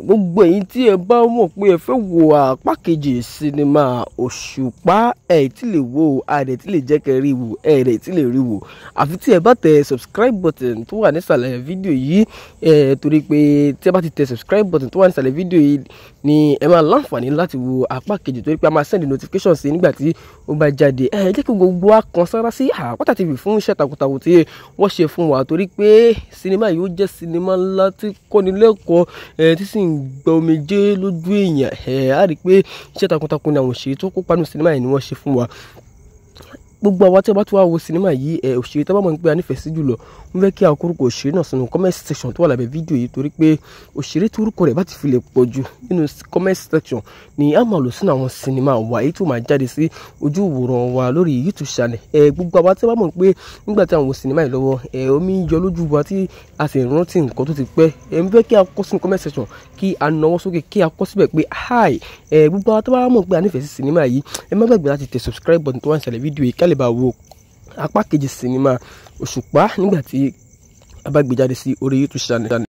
gbogbo ẹ̀yin tí ẹ bá mọ̀ pé ẹ fẹ́ wo apá kejì sinimá òṣùpá ẹ̀ tí lè wo àdẹ̀ tí lè jẹ́ kẹ́ rí wo ẹ̀rẹ̀ tí lè rí wo àfi tí ẹ bá tẹ subscribe button tó wà nísàlẹ̀ fídíò yìí ẹ̀ torí pé tí ẹ bá ti tẹ subscribe button tó wà nísàlẹ̀ fídíò yìí ni ẹ máa láǹfààní láti wo apá kejì torí pé a máa send notification sí nígbà tí ó bá jáde ẹ jẹ́ kí gbogbo wa kan sára sí Àpáta TV fún iṣẹ́ takuntakun tí wọ́n ṣe fún wa torí pé sinimá yìí ó ń gba omijé lójú èèyàn ẹ̀ á rí i pé iṣẹ́ takuntakun ni àwọn òṣèré tó kópa nínú sinimá yìí ni wọ́n ṣe fún wa gbogbo àwọn tí wọ́n bá ti wá wo sinimá yìí ẹ eh, òṣèré tó bá mọ̀ ní pé a sí jùlọ ń fẹ́ kí àwọn òṣèré náà sínú comment section tó wà lábẹ́ fídíò yìí torí pé òṣèré tí orúkọ rẹ̀ bá ti fi lè pọ̀ jù nínú comment section ni a máa lò sínú àwọn sinimá wa èyí tó máa jáde sí ojú ìwòran wa lórí youtube channel ẹ eh, gbogbo àwọn tí wọ́n mọ̀ pé nígbà tí àwọn wo sinimá yìí lọ́wọ́ ẹ eh, omi yọ lójú wa tí a sì section kí a nawọ́ sókè kí a hi ẹ gbogbo àwọn tí wọ́n mọ̀ pé a nífẹ̀ẹ́ sí sinimá subscribe button tó wà ní sàlẹ̀ fídíò lè bá wo apá kejì sinimá òṣùpá nígbà tí a bá gbé jáde sí orí youtube channel.